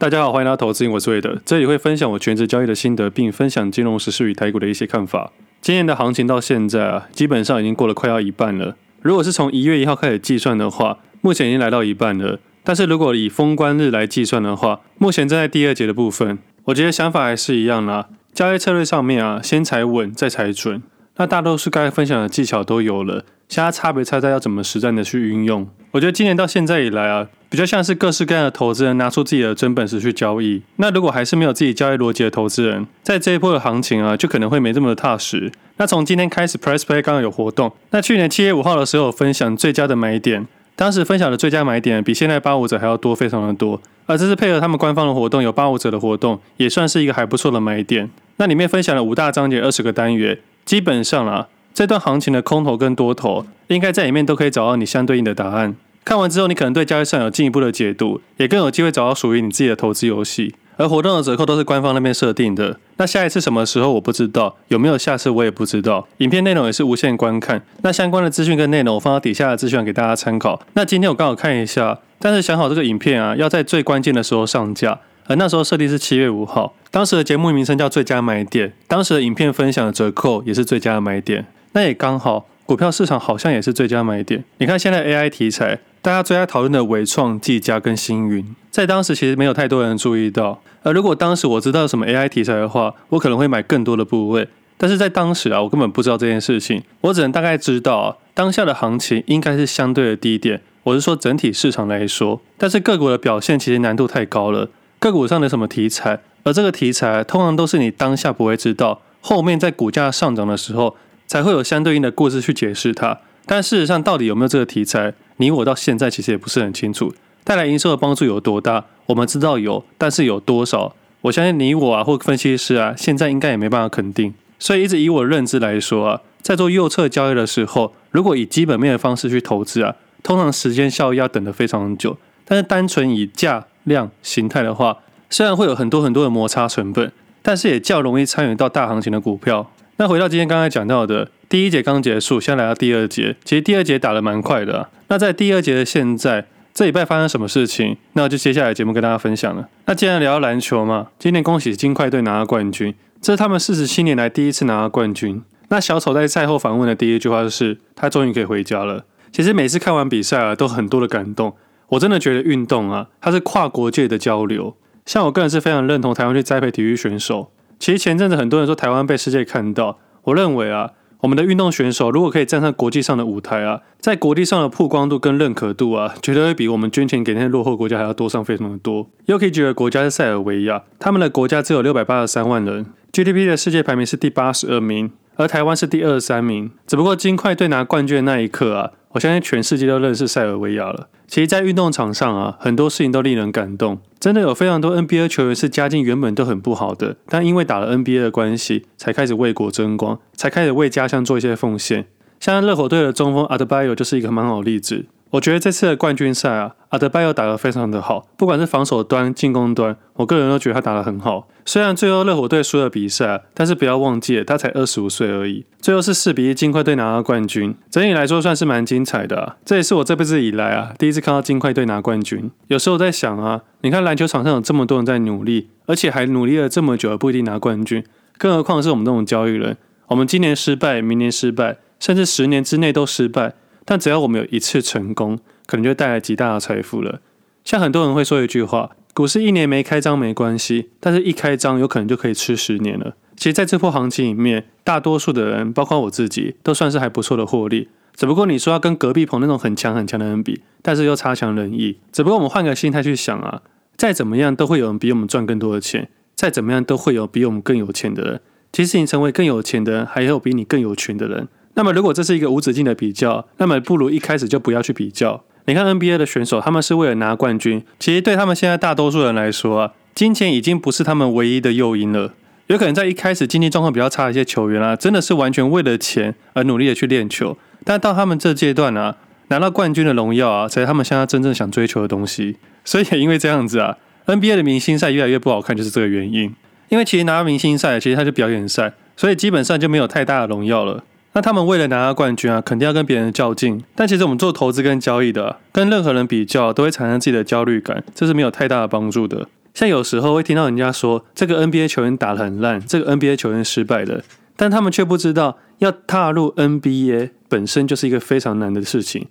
大家好，歡迎來到投資癮，我是魏德，這裡會分享我全職交易的心得，並分享金融時事與台股的一些看法。今年的行情到現在啊，基本上已經過了快要一半了。如果是從一月一號開始計算的話，目前已經來到一半了。但是如果以封關日來計算的話，目前正在第二節的部分。我覺得想法還是一樣啦。交易策略上面啊，先踩穩再踩準。那大多數該分享的技巧都有了。其他差別差在要怎麼實戰的去運用？我覺得今年到現在以來啊，比較像是各式各樣的投資人拿出自己的真本事去交易。那如果還是沒有自己交易邏輯的投資人，在這一波的行情啊，就可能會沒這麼踏實。那從今天開始，Press Play 剛剛有活動。那去年七月五號的時候分享最佳的買點，當時分享的最佳買點比現在八五折還要多，非常的多。而這次配合他們官方的活動有八五折的活動，也算是一個還不錯的買點。那裡面分享了五大章節二十個單元，基本上啊。這段行情的空頭跟多頭，應該在裡面都可以找到你相對應的答案。看完之後，你可能對交易上有進一步的解讀，也更有機會找到屬於你自己的投資遊戲。而活動的折扣都是官方那邊設定的。那下一次什麼時候我不知道，有沒有下次我也不知道。影片內容也是無限觀看。那相關的資訊跟內容，我放到底下的資訊欄給大家參考。那今天我剛好看一下，但是想好這個影片啊，要在最關鍵的時候上架。而那時候設定是七月五號，當時的節目名稱叫最佳買點，當時的影片分享的折扣也是最佳的買點。那也剛好，股票市場好像也是最佳買點。你看現在 AI 題材，大家最愛討論的緯創、技嘉跟星雲，在當時其實沒有太多人注意到。而如果當時我知道什麼 AI 題材的話，我可能會買更多的部位。但是在當時啊，我根本不知道這件事情，我只能大概知道啊，當下的行情應該是相對的低點。我是說整體市場來說，但是個股的表現其實難度太高了。個股上的什麼題材，而這個題材啊，通常都是你當下不會知道，後面在股價上漲的時候。才會有相對應的故事去解釋它，但事實上到底有沒有這個題材，你我到現在其實也不是很清楚。帶來營收的幫助有多大，我們知道有，但是有多少，我相信你我啊或分析師啊，現在應該也沒辦法肯定。所以一直以我的認知來說啊，在做右側交易的時候，如果以基本面的方式去投資啊，通常時間效益要等得非常久。但是單純以價量形態的話，雖然會有很多很多的摩擦成本，但是也較容易參與到大行情的股票。那回到今天剛才講到的第一節剛結束，先在來到第二節，其實第二節打得蠻快的、啊。那在第二節的現在，這禮拜發生什麼事情？那我就接下來節目跟大家分享了。那既然聊到籃球嘛，今天恭喜金塊隊拿了冠軍，這是他們四十七年來第一次拿到冠軍。那小丑在賽後訪問的第一句話就是：“他終於可以回家了。”其實每次看完比賽啊，都很多的感動。我真的覺得運動啊，它是跨國界的交流。像我個人是非常認同台灣去栽培體育選手。其實前陣子很多人說台灣被世界看到，我認為啊，我們的運動選手如果可以站上國際上的舞台啊，在國際上的曝光度跟認可度啊，絕對會比我們捐錢給那些落後國家還要多上非常的多。又可以舉個國家是塞爾維亞，他們的國家只有六百八十三萬人，GDP 的世界排名是第八十二名，而台灣是第二十三名。只不過金塊隊拿冠軍的那一刻啊。我相信全世界都認識塞爾維亞了。其實，在運動場上啊，很多事情都令人感動。真的有非常多 NBA 球員是家境原本都很不好的，但因為打了 NBA 的關係，才開始為國爭光，才開始為家鄉做一些奉獻。像熱火隊的中鋒阿德巴約就是一個蠻好例子。我覺得這次的冠軍賽啊，阿德拜又打得非常的好，不管是防守端、進攻端，我個人都覺得他打得很好。雖然最後熱火隊輸了比賽，但是不要忘記了他才二十五歲而已。最後是四比一，金塊隊拿到冠軍，整體來說算是蠻精彩的啊。這也是我這輩子以來啊，第一次看到金塊隊拿冠軍。有時候在想啊，你看籃球場上有這麼多人在努力，而且還努力了這麼久而不一定拿冠軍，更何況是我們這種交易人，我們今年失敗，明年失敗，甚至十年之內都失敗。但只要我們有一次成功，可能就帶來極大的財富了。像很多人會說一句話：“股市一年沒開張沒關係，但是一開張有可能就可以吃十年了。”其實，在這波行情裡面，大多數的人，包括我自己，都算是還不錯的獲利。只不過你說要跟隔壁棚那種很強很強的人比，但是又差強人意。只不過我們換個心態去想啊，再怎麼樣都會有人比我們賺更多的錢，再怎麼樣都會有比我們更有錢的人。即使你成為更有錢的人，還有比你更有權的人。那麼，如果這是一個無止境的比較，那麼不如一開始就不要去比較。你看 NBA 的選手，他們是為了拿冠軍。其實對他們現在大多數人來說啊，金錢已經不是他們唯一的誘因了。有可能在一開始經濟狀況比較差的一些球員啊，真的是完全為了錢而努力的去練球。但到他們這階段啊，拿到冠軍的榮耀啊，才是他們現在真正想追求的東西。所以也因為這樣子啊，NBA 的明星賽越來越不好看，就是這個原因。因為其實拿到明星賽，其實它是表演賽，所以基本上就沒有太大的榮耀了。那他們為了拿到冠軍啊，肯定要跟別人較勁。但其實我們做投資跟交易的，啊，跟任何人比較、啊、都會產生自己的焦慮感，這是沒有太大的幫助的。像有時候會聽到人家說這個 NBA 球員打得很爛，這個 NBA 球員失敗了，但他們卻不知道，要踏入 NBA 本身就是一個非常難的事情。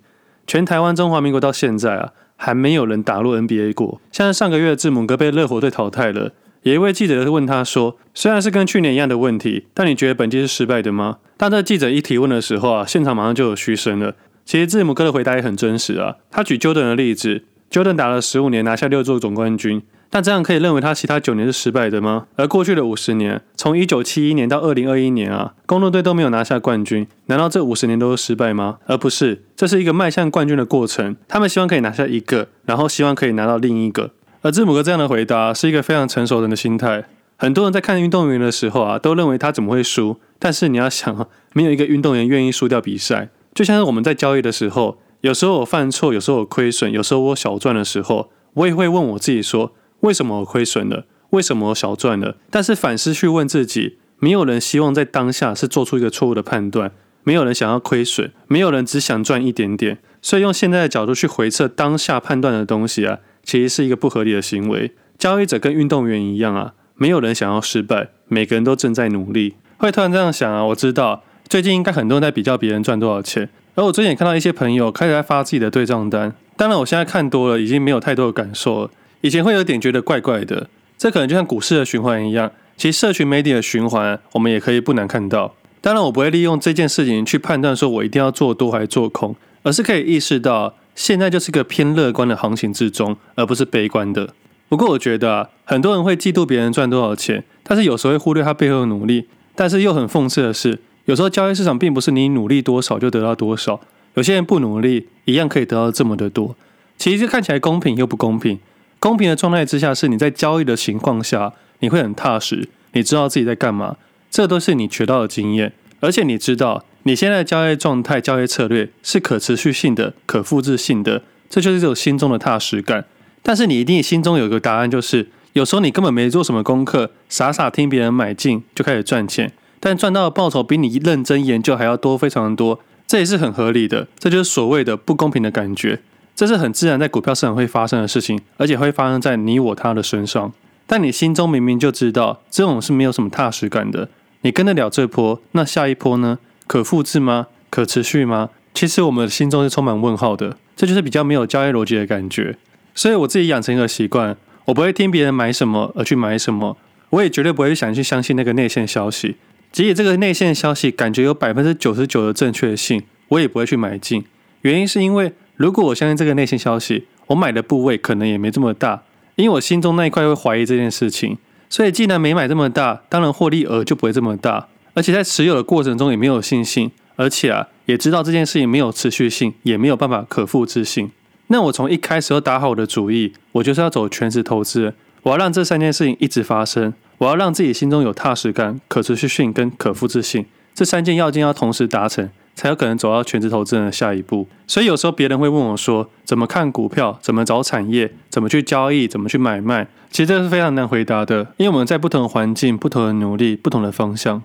全台灣、中華民國到現在啊，還沒有人打入 NBA 過。像上個月的字母哥被熱火隊淘汰了。有一位記者問他說：“雖然是跟去年一樣的問題，但你覺得本季是失敗的嗎？”當這記者一提問的時候啊，現場馬上就有噓聲了。其實字母哥的回答也很真實啊，他舉 Jordan 的例子，Jordan 打了十五年，拿下六座總冠軍，但這樣可以認為他其他九年是失敗的嗎？而過去的五十年，從一九七一年到二零二一年啊，公鹿隊都沒有拿下冠軍，難道這五十年都是失敗嗎？而不是，這是一個邁向冠軍的過程，他們希望可以拿下一個，然後希望可以拿到另一個。而字母哥這樣的回答啊，是一個非常成熟人的心態。很多人在看運動員的時候啊，都認為他怎麼會輸？但是你要想啊，沒有一個運動員願意輸掉比賽。就像是我們在交易的時候，有時候我犯錯，有時候我虧損，有時候我小賺的時候，我也會問我自己說：為什麼我虧損了？為什麼我小賺了？但是反思去問自己，沒有人希望在當下是做出一個錯誤的判斷，沒有人想要虧損，沒有人只想賺一點點。所以用現在的角度去回測當下判斷的東西啊。其實是一個不合理的行為。交易者跟運動員一樣啊，沒有人想要失敗，每個人都正在努力。會突然這樣想啊？我知道最近應該很多人在比較別人賺多少錢，而我最近也看到一些朋友開始在發自己的對賬單。當然，我現在看多了，已經沒有太多的感受了。以前會有點覺得怪怪的。這可能就像股市的循環一樣，其實社群媒體的循環啊，我們也可以不難看到。當然，我不會利用這件事情去判斷說我一定要做多還是做空，而是可以意識到。現在就是個偏樂觀的行情之中，而不是悲觀的。不過我覺得啊，很多人會嫉妒別人賺多少錢，但是有時候會忽略他背後的努力。但是又很諷刺的是，有時候交易市場並不是你努力多少就得到多少。有些人不努力，一樣可以得到這麼的多。其實看起來公平又不公平。公平的狀態之下是你在交易的情況下，你會很踏實，你知道自己在幹嘛，這都是你學到的經驗，而且你知道。你現在的交易狀態、交易策略是可持續性的、可複製性的，這就是一種心中的踏實感。但是你一定心中有一個答案，就是有時候你根本沒做什麼功課，傻傻聽別人買進就開始賺錢，但賺到的報酬比你認真研究還要多，非常的多，這也是很合理的。這就是所謂的不公平的感覺，這是很自然在股票市場會發生的事情，而且會發生在你我他的身上。但你心中明明就知道，這種是沒有什麼踏實感的。你跟得了這波，那下一波呢？可複製嗎？可持續嗎？其實我們的心中是充滿問號的，這就是比較沒有交易邏輯的感覺。所以我自己養成一個習慣，我不會聽別人買什麼而去買什麼，我也絕對不會想去相信那個內線消息。即使這個內線消息感覺有百分之九十九的正確性，我也不會去買進。原因是因為如果我相信這個內線消息，我買的部位可能也沒這麼大，因為我心中那一塊會懷疑這件事情。所以既然沒買這麼大，當然獲利額就不會這麼大。而且在持有的過程中也沒有信心，而且啊也知道這件事情沒有持續性，也沒有辦法可複製性。那我從一開始要打好我的主意，我就是要走全職投資人，我要讓這三件事情一直發生，我要讓自己心中有踏實感、可持續性跟可複製性。這三件要件要同時達成，才有可能走到全職投資人的下一步。所以有時候別人會問我說，怎麼看股票？怎麼找產業？怎麼去交易？怎麼去買賣？其實這是非常難回答的，因為我們在不同的環境、不同的努力、不同的方向。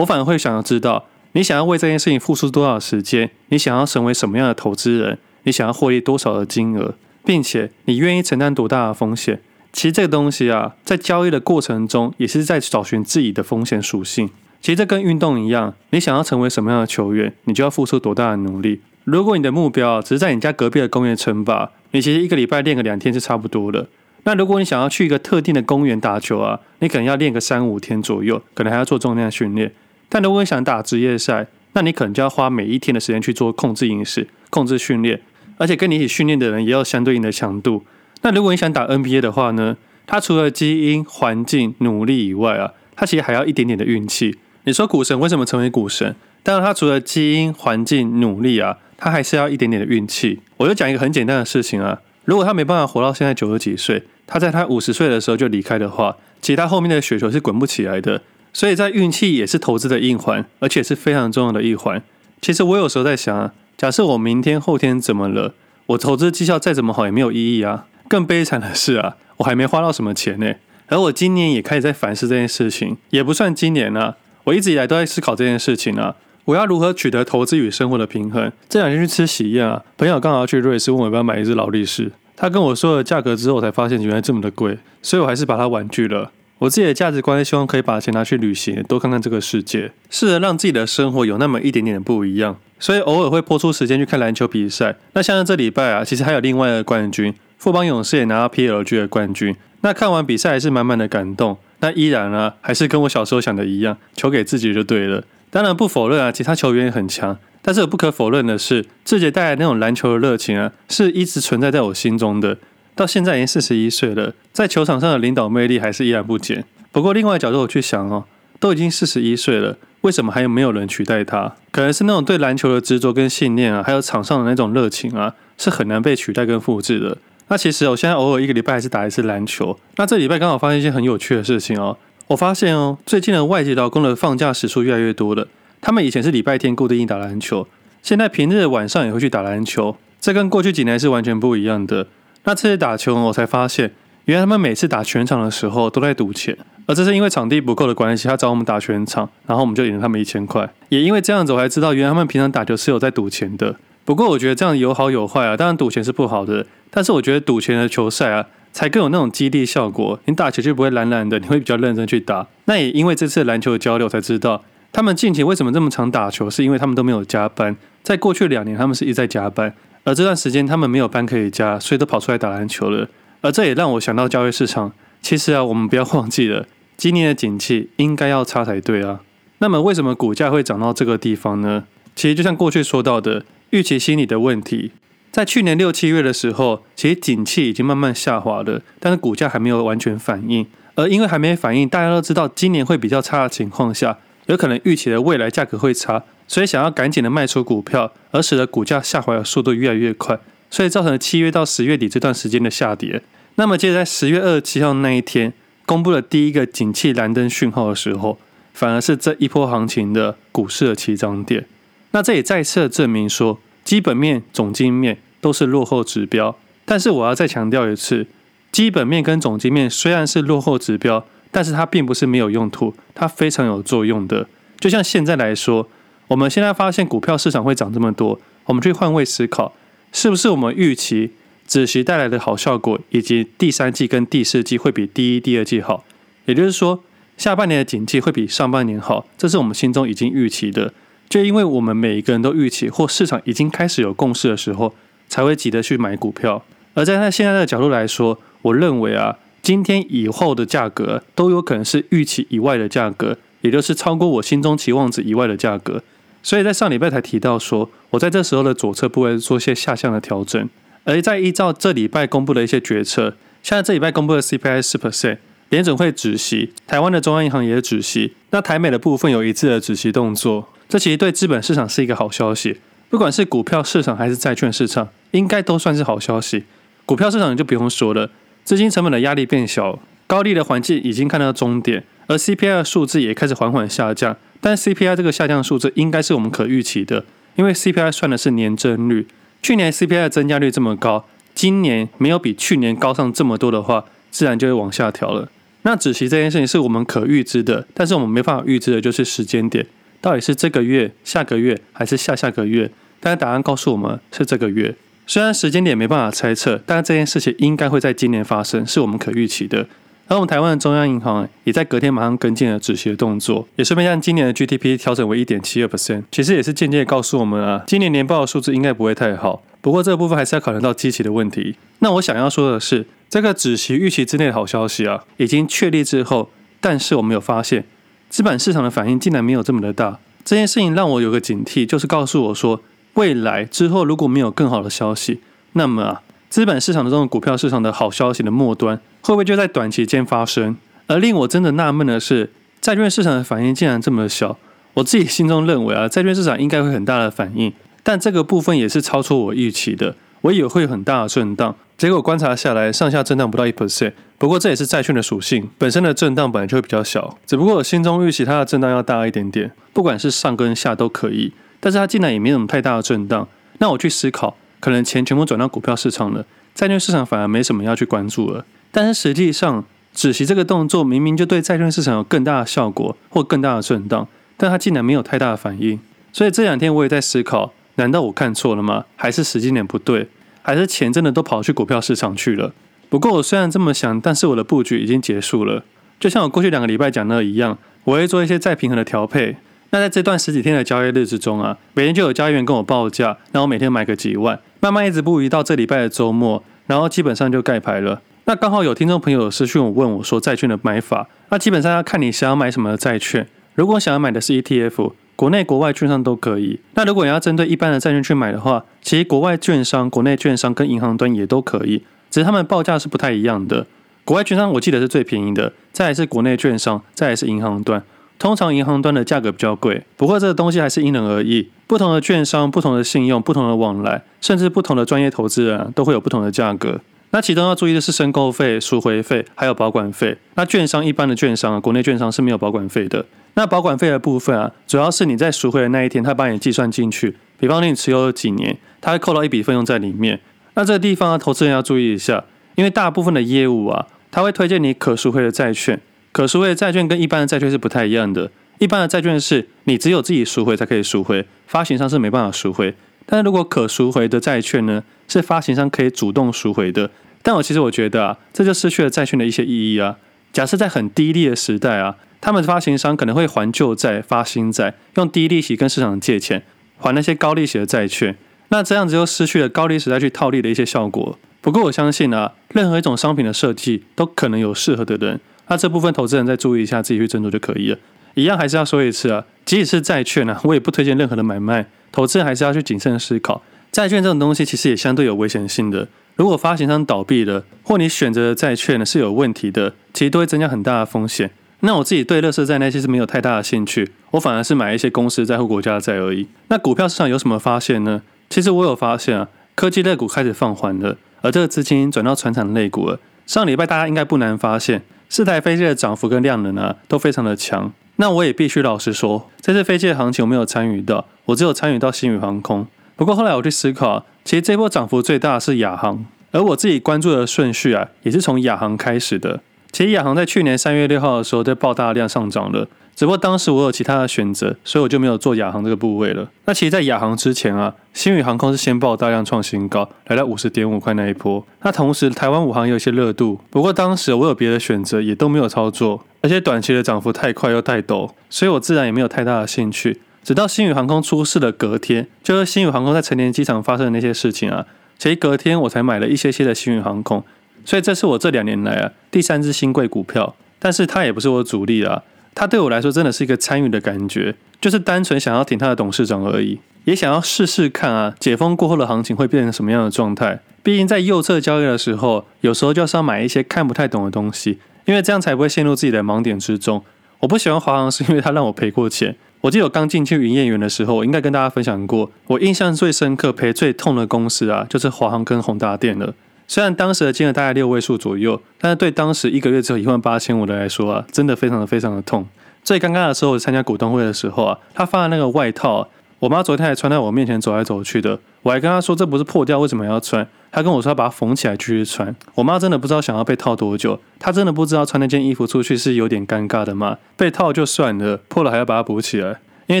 我反而會想要知道，你想要為這件事情付出多少時間？你想要成為什麼樣的投資人？你想要獲利多少的金額？並且你願意承擔多大的風險？其實這個東西啊，在交易的過程中也是在找尋自己的風險屬性。其實這跟運動一樣，你想要成為什麼樣的球員，你就要付出多大的努力。如果你的目標只是在你家隔壁的公園稱霸，你其實一個禮拜練個兩天就差不多了。那如果你想要去一個特定的公園打球啊，你可能要練個三五天左右，可能還要做重量訓練。但如果你想打職業賽，那你可能就要花每一天的時間去做控制飲食、控制訓練，而且跟你一起訓練的人也要相對應的強度。那如果你想打 NBA 的話呢？他除了基因、環境、努力以外啊，他其實還要一點點的運氣。你說股神為什麼成為股神？當然，他除了基因、環境、努力啊，他還是要一點點的運氣。我就講一個很簡單的事情啊，如果他沒辦法活到現在九十幾歲，他在他五十歲的時候就離開的話，其實他後面的雪球是滾不起來的。所以在運氣也是投資的一環，而且是非常重要的一環。其實我有時候在想啊，假設我明天、後天怎麼了，我投資績效再怎麼好也沒有意義啊。更悲慘的是啊，我還沒花到什麼錢呢、欸。而我今年也開始在反思這件事情，也不算今年啊，我一直以來都在思考這件事情啊。我要如何取得投資與生活的平衡？這兩天去吃喜宴啊，朋友剛好要去瑞士，問我要不要買一只勞力士。他跟我說了價格之後，我才發現原來這麼的貴，所以我還是把它婉拒了。我自己的價值觀是希望可以把錢拿去旅行，多看看這個世界，試着讓自己的生活有那麼一點點的不一樣。所以偶爾會撥出時間去看籃球比賽。那像這禮拜啊，其實還有另外一個冠軍，富邦勇士也拿到 PLG 的冠軍。那看完比賽還是滿滿的感動。那依然呢、啊，還是跟我小時候想的一樣，球給自己就對了。當然不否認啊，其他球員也很強。但是我不可否認的是，自己帶來那種籃球的熱情啊，是一直存在在、在我心中的。到現在已經四十一歲了，在球場上的領導魅力還是依然不減。不過，另外一角度我去想哦，都已經四十一歲了，為什麼還有沒有人取代他？可能是那種對籃球的執着跟信念啊，還有場上的那種熱情啊，是很難被取代跟複製的。那其實我、哦、現在偶爾一個禮拜還是打一次籃球。那這禮拜剛好發現一件很有趣的事情哦，我發現哦，最近的外籍勞工的放假時數越來越多了。他們以前是禮拜天固定打籃球，現在平日的晚上也會去打籃球，這跟過去幾年是完全不一樣的。那這次打球，我才發現，原來他們每次打全場的時候都在賭錢，而這是因為場地不夠的關係，他找我們打全場，然後我們就贏了他們一千塊。也因為這樣子，我才知道原來他們平常打球是有在賭錢的。不過我覺得這樣有好有壞啊，當然賭錢是不好的，但是我覺得賭錢的球賽啊，才更有那種激勵效果。你打球就不會懶懶的，你會比較認真去打。那也因為這次籃球的交流，我才知道他們近期為什麼這麼常打球，是因為他們都沒有加班。在過去兩年，他們是一直在加班。而這段時間他們沒有班可以加，所以都跑出來打籃球了。而這也讓我想到交易市場。其實啊，我們不要忘記了，今年的景氣應該要差才對啊。那麼為什麼股價會漲到這個地方呢？其實就像過去說到的預期心理的問題，在去年六七月的時候，其實景氣已經慢慢下滑了，但是股價還沒有完全反應。而因為還沒反應，大家都知道今年會比較差的情況下，有可能預期的未來價格會差。所以想要趕緊的賣出股票，而使得股價下滑的速度越來越快，所以造成了七月到十月底這段時間的下跌。那麼接着在十月二十七號那一天公布了第一個景氣藍燈訊號的時候，反而是這一波行情的股市的起漲點。那這也再次的證明說，基本面、總經面都是落後指標。但是我要再強調一次，基本面跟總經面雖然是落後指標，但是它並不是沒有用途，它非常有作用的。就像現在來說。我們現在發現股票市場會漲這麼多，我們去換位思考，是不是我們預期止息帶來的好效果，以及第三季跟第四季會比第一、第二季好？也就是說，下半年的景氣會比上半年好，這是我們心中已經預期的。就因為我們每一個人都預期，或市場已經開始有共識的時候，才會急着去買股票。而在現在的角度來說，我認為啊，今天以後的價格都有可能是預期以外的價格，也就是超過我心中期望值以外的價格。所以在上禮拜才提到說，我在這時候的左側部位做些下向的調整，而在依照這禮拜公布的一些決策，現在這禮拜公布的 CPI 四 percent，聯準會止息，台灣的中央銀行也有止息，那台美的部分有一致的止息動作，這其實對資本市場是一個好消息，不管是股票市場還是債券市場，應該都算是好消息。股票市場就不用說了，資金成本的壓力變小，高利的環境已經看到終點。而 CPI 數字也開始緩緩下降，但 CPI 這個下降數字應該是我們可預期的，因為 CPI 算的是年增率。去年 CPI 增加率這麼高，今年沒有比去年高上這麼多的話，自然就會往下調了。那止息這件事情是我們可預知的，但是我們沒辦法預知的就是時間點，到底是這個月、下個月還是下下個月？但答案告訴我們是這個月。雖然時間點沒辦法猜測，但這件事情應該會在今年發生，是我們可預期的。而我們台灣的中央銀行也在隔天馬上跟進了止息的動作，也順便讓今年的 GDP 調整為一點七二%。其實也是間接告訴我們啊，今年年報的數字應該不會太好。不過這個部分還是要考量到基期的問題。那我想要說的是，這個止息預期之內的好消息啊，已經確立之後，但是我沒有發現資本市場的反應竟然沒有這麼的大。這件事情讓我有個警惕，就是告訴我說，未來之後如果沒有更好的消息，那麼啊。資本市場中的這種股票市場的好消息的末端，會不會就在短期間發生？而令我真的納悶的是，債券市場的反應竟然這麼小。我自己心中認為啊，債券市場應該會很大的反應，但這個部分也是超出我預期的。我以為會有很大的震盪，結果觀察下來，上下震盪不到一 percent。不過這也是債券的屬性，本身的震盪本來就會比較小，只不過我心中預期它的震盪要大一點點，不管是上跟下都可以。但是它竟然也沒什麼太大的震盪。那我去思考。可能錢全部轉到股票市場了，債券市場反而沒什麼要去關注了。但是實際上，止息這個動作明明就對債券市場有更大的效果或更大的震盪，但它竟然沒有太大的反應。所以這兩天我也在思考，難道我看錯了嗎？還是時間點不對？還是錢真的都跑去股票市場去了？不過我雖然這麼想，但是我的布局已經結束了。就像我過去兩個禮拜講的一樣，我會做一些再平衡的調配。那在這段十幾天的交易日之中啊，每天就有交易員跟我報價，那我每天買個幾萬。慢慢一直不移到這禮拜的周末，然後基本上就蓋牌了。那剛好有聽眾朋友私訊我問我說債券的買法，那基本上要看你想要買什麼債券。如果想要買的是 ETF，國內國外券商都可以。那如果你要針對一般的債券去買的話，其實國外券商、國內券商跟銀行端也都可以，只是他們報價是不太一樣的。國外券商我記得是最便宜的，再來是國內券商，再來是銀行端。通常銀行端的價格比較貴，不過這個東西還是因人而異。不同的券商、不同的信用、不同的往來，甚至不同的專業投資人啊，都會有不同的價格。那其中要注意的是申購費、贖回費，還有保管費。那券商一般的券商啊，國內券商是沒有保管費的。那保管費的部分啊，主要是你在贖回的那一天，他幫你計算進去。比方說你持有幾年，他會扣到一筆費用在裡面。那這個地方啊，投資人要注意一下，因為大部分的業務啊，他會推薦你可贖回的債券。可贖回的債券跟一般的債券是不太一樣的。一般的債券是你只有自己贖回才可以贖回，發行商是沒辦法贖回。但是如果可贖回的債券呢，是發行商可以主動贖回的。但我其實我覺得啊，這就失去了債券的一些意義啊。假設在很低利的時代啊，他們發行商可能會還舊債發新債，用低利息跟市場借錢還那些高利息的債券，那這樣子就失去了高利時代去套利的一些效果。不過我相信啊，任何一種商品的設計都可能有適合的人。那、啊、這部分投資人再注意一下，自己去斟酌就可以了。一樣還是要說一次啊，即使是債券呢、啊，我也不推薦任何的買賣。投資人還是要去謹慎思考。債券這種東西其實也相對有危險性的。如果發行商倒閉了，或你選擇的債券呢是有問題的，其實都會增加很大的風險。那我自己對垃圾債那些是沒有太大的興趣，我反而是買一些公司債或國家的債而已。那股票市場有什麼發現呢？其實我有發現啊，科技類股開始放緩了，而這個資金轉到傳產類股了。上禮拜大家應該不難發現。四台飛機的漲幅跟量能啊，都非常的強。那我也必須老實說，這次飛機的行情我沒有參與到，我只有參與到星宇航空。不過後來我去思考，其實這波漲幅最大的是亞航，而我自己關注的順序啊，也是從亞航開始的。其實亞航在去年三月六號的時候，就爆大量上漲了。只不過當時我有其他的選擇，所以我就沒有做亞航這個部位了。那其實，在亞航之前啊，星宇航空是先爆大量創新高，來到五十點五塊那一波。那同時，台灣五航也有一些熱度，不過當時我有別的選擇，也都沒有操作。而且短期的漲幅太快又太陡，所以我自然也沒有太大的興趣。直到星宇航空出事的隔天，就是星宇航空在成田機場發生的那些事情啊，所以隔天我才買了一些些的星宇航空。所以這是我這兩年來啊第三支新貴股票，但是它也不是我的主力啊。它對我來說真的是一個參與的感覺，就是單純想要挺它的董事長而已，也想要試試看啊，解封過後的行情會變成什麼樣的狀態。畢竟在右側交易的時候，有時候就是要買一些看不太懂的東西，因為這樣才不會陷入自己的盲點之中。我不喜歡華航是因為他讓我賠過錢。我記得我剛進去營業員的時候，我應該跟大家分享過，我印象最深刻賠最痛的公司啊，就是華航跟宏達電了。雖然當時的金額大概六位數左右，但是對當時一個月只有一萬八千五的來說啊，真的非常的非常的痛。最尷尬的時候，我參加股東會的時候啊，他發的那個外套，我媽昨天還穿在我面前走來走去的，我還跟她說這不是破掉，為什麼要穿？她跟我說要把它縫起來繼續穿。我媽真的不知道想要被套多久，她真的不知道穿那件衣服出去是有點尷尬的嘛。被套就算了，破了還要把它補起來，因為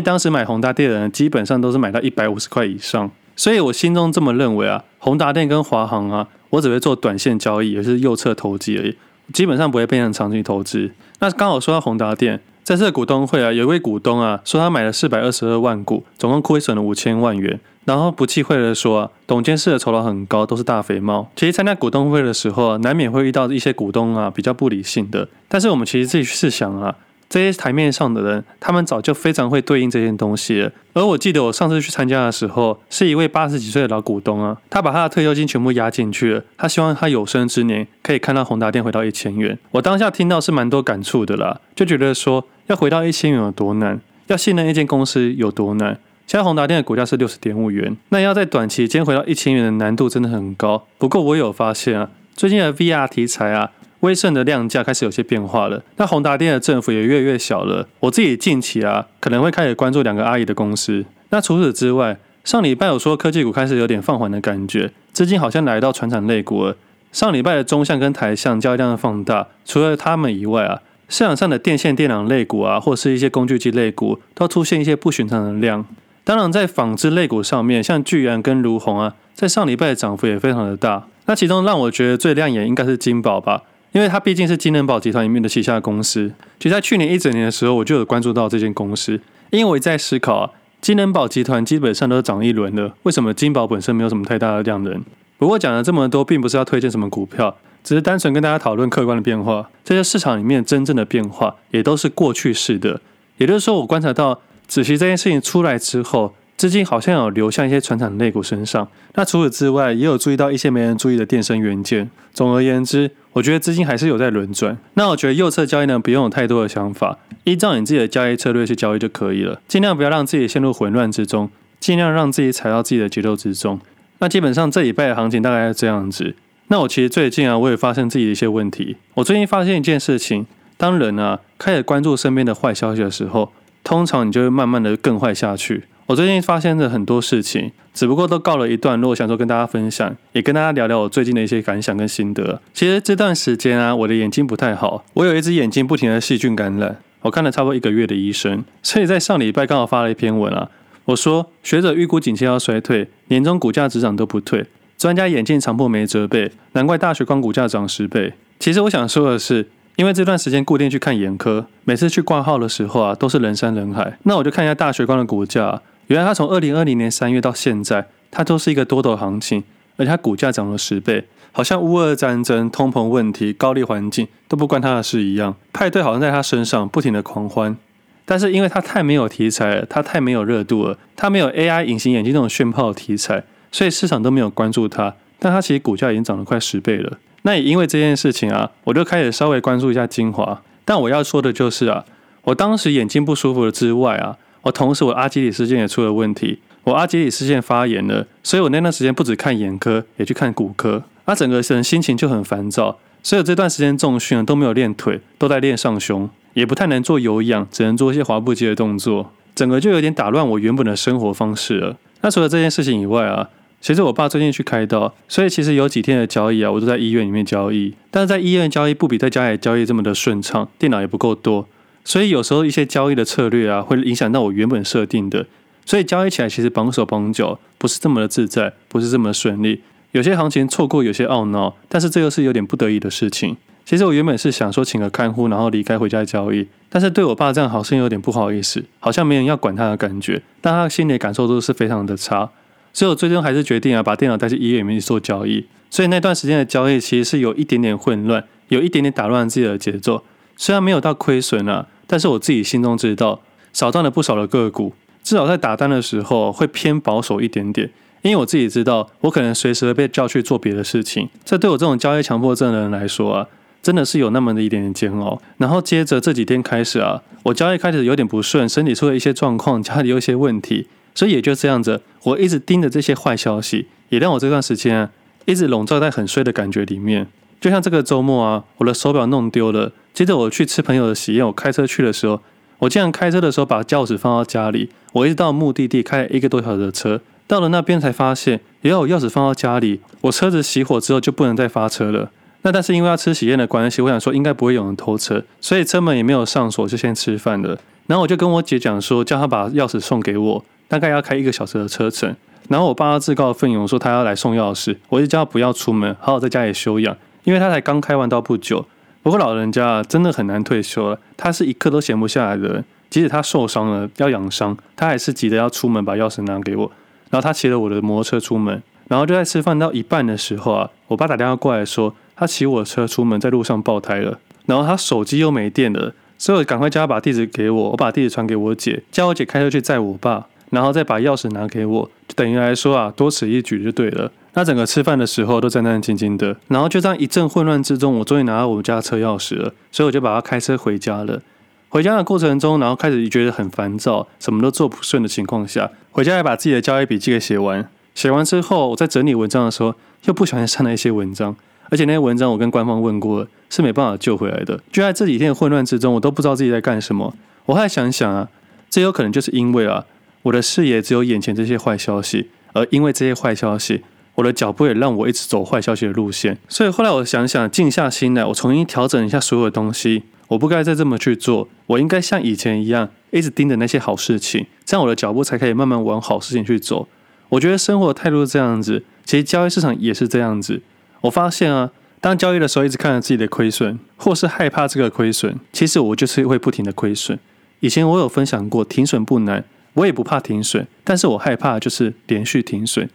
當時買宏達電的人基本上都是買到一百五十塊以上。所以，我心中這麼認為啊，宏達電跟華航啊，我只會做短線交易，也是右側投機而已，基本上不會變成長期投資。那剛好說到宏達電，在這股東會啊，有一位股東啊說他買了四百二十二萬股，總共虧損了五千萬元，然後不忌諱的說啊，董監事的酬勞很高，都是大肥貓。其實參加股東會的時候啊，難免會遇到一些股東啊比較不理性的，但是我們其實自己去試想啊。這些台面上的人，他們早就非常會對應這件東西。而我記得我上次去參加的時候，是一位八十幾歲的老股東啊，他把他的退休金全部押進去了，他希望他有生之年可以看到宏達電回到一千元。我當下聽到是蠻多感觸的啦，就覺得說要回到一千元有多難，要信任一間公司有多難。現在宏達電的股價是六十點五元，那要在短期間回到一千元的難度真的很高。不過我有發現啊，最近的 VR 題材啊。威盛的量價開始有些變化了，那宏達電的振幅也越來越小了。我自己近期啊，可能會開始關注兩個阿姨的公司。那除此之外，上禮拜有說科技股開始有點放緩的感覺，資金好像來到傳產類股了。上禮拜的中橡跟台橡交易量放大，除了他們以外啊，市場上的電線電纜類股啊，或是一些工具機類股，都出現一些不尋常的量。當然，在紡織類股上面，像聚陽跟儒鴻啊，在上禮拜的漲幅也非常的大。那其中讓我覺得最亮眼應該是金寶吧。因為它畢竟是金能寶集團裡面的旗下公司，其實，在去年一整年的時候，我就有關注到這間公司。因為我在思考啊，金能寶集團基本上都是漲一輪了，為什麼金寶本身沒有什麼太大的量能？不過講了這麼多，並不是要推薦什麼股票，只是單純跟大家討論客觀的變化。這些市場裡面真正的變化，也都是過去式的。也就是說，我觀察到止息這件事情出來之後，資金好像有流向一些傳產的類股身上。那除此之外，也有注意到一些沒人注意的電聲元件。總而言之。我覺得資金還是有在輪轉。那我覺得右側交易呢，不用有太多的想法，依照你自己的交易策略去交易就可以了。盡量不要讓自己陷入混亂之中，盡量讓自己踩到自己的節奏之中。那基本上這禮拜的行情大概是這樣子。那我其實最近啊，我也發現自己的一些問題。我最近發現一件事情，當人啊，開始關注身邊的壞消息的時候，通常你就會慢慢的更壞下去。我最近發生了很多事情，只不過都告了一段落，想說跟大家分享，也跟大家聊聊我最近的一些感想跟心得。其實這段時間啊，我的眼睛不太好，我有一隻眼睛不停的細菌感染，我看了差不多一個月的醫生，所以在上禮拜剛好發了一篇文啊，我說學者預估景氣要衰退，年終股價只漲都不退，專家眼鏡常破沒折背，難怪大學光股價漲十倍。其實我想說的是，因為這段時間固定去看眼科，每次去掛號的時候啊，都是人山人海，那我就看一下大學光的股價啊。原來他從二零二零年三月到現在，他都是一個多頭行情，而且他股價漲了十倍，好像烏俄戰爭、通膨問題、高利環境都不關他的事一樣，派對好像在他身上不停的狂歡。但是因為他太沒有題材了，他太沒有熱度了，他沒有 AI 隱形眼鏡這種炫炮題材，所以市場都沒有關注他。但他其實股價已經漲了快十倍了。那也因為這件事情啊，我就開始稍微關注一下精華。但我要說的就是啊，我當時眼睛不舒服了之外啊。我同時，我阿基里斯腱也出了問題，我阿基里斯腱發炎了，所以我那段時間不只看眼科，也去看骨科，啊，整個人心情就很煩躁，所以這段時間重訓都沒有練腿，都在練上胸，也不太能做有氧，只能做一些滑步機的動作，整個就有點打亂我原本的生活方式了。那除了這件事情以外啊，其實我爸最近去開刀，所以其實有幾天的交易啊，我都在醫院裡面交易，但是在醫院交易不比在家裡的交易這麼的順暢，電腦也不夠多。所以有時候一些交易的策略啊，會影響到我原本設定的，所以交易起來其實綁手綁腳，不是這麼的自在，不是這麼的順利。有些行情錯過，有些懊惱，但是這又是有點不得已的事情。其實我原本是想說請個看護，然後離開回家交易，但是對我爸這樣好像有點不好意思，好像沒人要管他的感覺，但他心裡感受都是非常的差。所以我最終還是決定啊，把電腦帶去醫院裡面去做交易。所以那段時間的交易其實是有一點點混亂，有一點點打亂自己的節奏。雖然沒有到虧損啊，但是我自己心中知道，少賺了不少的個股。至少在打單的時候會偏保守一點點，因為我自己知道，我可能隨時會被叫去做別的事情。這對我這種交易強迫症的人來說啊，真的是有那麼的一點點煎熬。然後接着這幾天開始啊，我交易開始有點不順，身體出了一些狀況，家裡有一些問題，所以也就這樣子，我一直盯着這些壞消息，也讓我這段時間啊，一直籠罩在很衰的感覺裡面。就像這個周末啊，我的手表弄丟了。接着我去吃朋友的喜宴，我開車去的時候，我竟然開車的時候把鑰匙放到家裡。我一直到目的地開了一個多小時的車，到了那邊才發現，也有鑰匙放到家裡。我車子熄火之後就不能再發車了。那但是因為要吃喜宴的關係，我想說應該不會有人偷車，所以車門也沒有上鎖，就先吃飯了。然後我就跟我姐講說，叫她把鑰匙送給我，大概要開一個小時的車程。然後我爸自告奮勇說他要來送鑰匙，我就叫他不要出門，好好在家裡休養，因為他才剛開完刀不久。不過老人家真的很難退休了，他是一刻都閒不下來的人。即使他受傷了要養傷，他還是急著要出門把鑰匙拿給我。然後他騎了我的摩托車出門，然後就在吃飯到一半的時候啊，我爸打電話過來說他騎我的車出門在路上爆胎了，然後他手機又沒電了，所以我趕快叫他把地址給我，我把地址傳給我姐，叫我姐開車去載我爸，然後再把鑰匙拿給我，就等於來說啊，多此一舉就對了。那整個吃飯的時候都戰戰兢兢的，然後就這樣一陣混亂之中，我終於拿到我們家車鑰匙了，所以我就把它開車回家了。回家的過程中，然後開始覺得很煩躁，什麼都做不順的情況下，回家還把自己的交易筆記給寫完。寫完之後，我在整理文章的時候，又不小心刪了一些文章，而且那些文章我跟官方問過了，是沒辦法救回來的。就在這幾天的混亂之中，我都不知道自己在幹什麼。我後來想一想啊，這有可能就是因為啊，我的視野只有眼前這些壞消息，而因為這些壞消息。我的腳步也讓我一直走壞消息的路線，所以後來我想想，靜下心來，我重新調整一下所有的東西。我不該再這麼去做，我應該像以前一樣，一直盯着那些好事情，這樣我的腳步才可以慢慢往好事情去走。我覺得生活態度是這樣子，其實交易市場也是這樣子。我發現啊，當交易的時候，一直看着自己的虧損，或是害怕這個虧損，其實我就是會不停的虧損。以前我有分享過，停損不難，我也不怕停損，但是我害怕就是連續停損。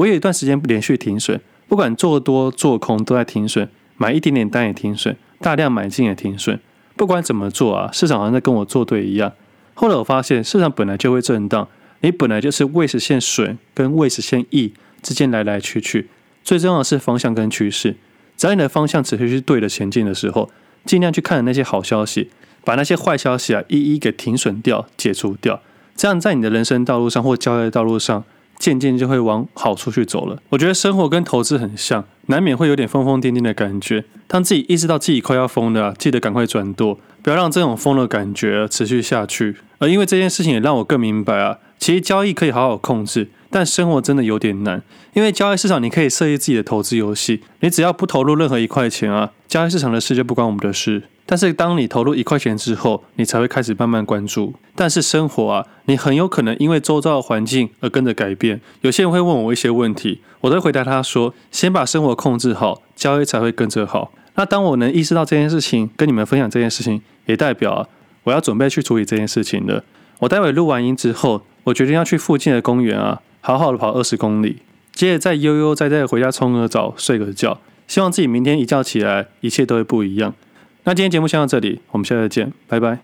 我有一段時間連續停損，不管做多做空都在停損，買一點點單也停損，大量買進也停損。不管怎麼做啊，市場好像在跟我作對一樣。後來我發現，市場本來就會震盪，你本來就是未實現損跟未實現益之間來來去去。最重要的是方向跟趨勢，只要你的方向持續是對的前進的時候，盡量去看那些好消息，把那些壞消息啊一一給停損掉、解除掉。這樣在你的人生道路上或交易的道路上，漸漸就會往好處去走了。我覺得生活跟投資很像，難免會有點瘋瘋癲癲的感覺。當自己意識到自己快要瘋了啊，記得趕快轉舵，不要讓這種瘋的感覺持續下去。而因為這件事情也讓我更明白啊，其實交易可以好好控制，但生活真的有點難。因為交易市場你可以設計自己的投資遊戲，你只要不投入任何一塊錢啊，交易市場的事就不關我們的事。但是，當你投入一塊錢之後，你才會開始慢慢關注。但是生活啊，你很有可能因為周遭的環境而跟着改變。有些人會問我一些問題，我都會回答他說：“先把生活控制好，交易才會跟着好。”那當我能意識到這件事情，跟你們分享這件事情，也代表啊，我要準備去處理這件事情了。我待會錄完音之後，我決定要去附近的公園啊，好好的跑二十公里，接着再悠悠哉哉的回家，沖個澡，睡個覺，希望自己明天一覺起來，一切都會不一樣。那今天節目先到這裡，我們下次見，拜拜。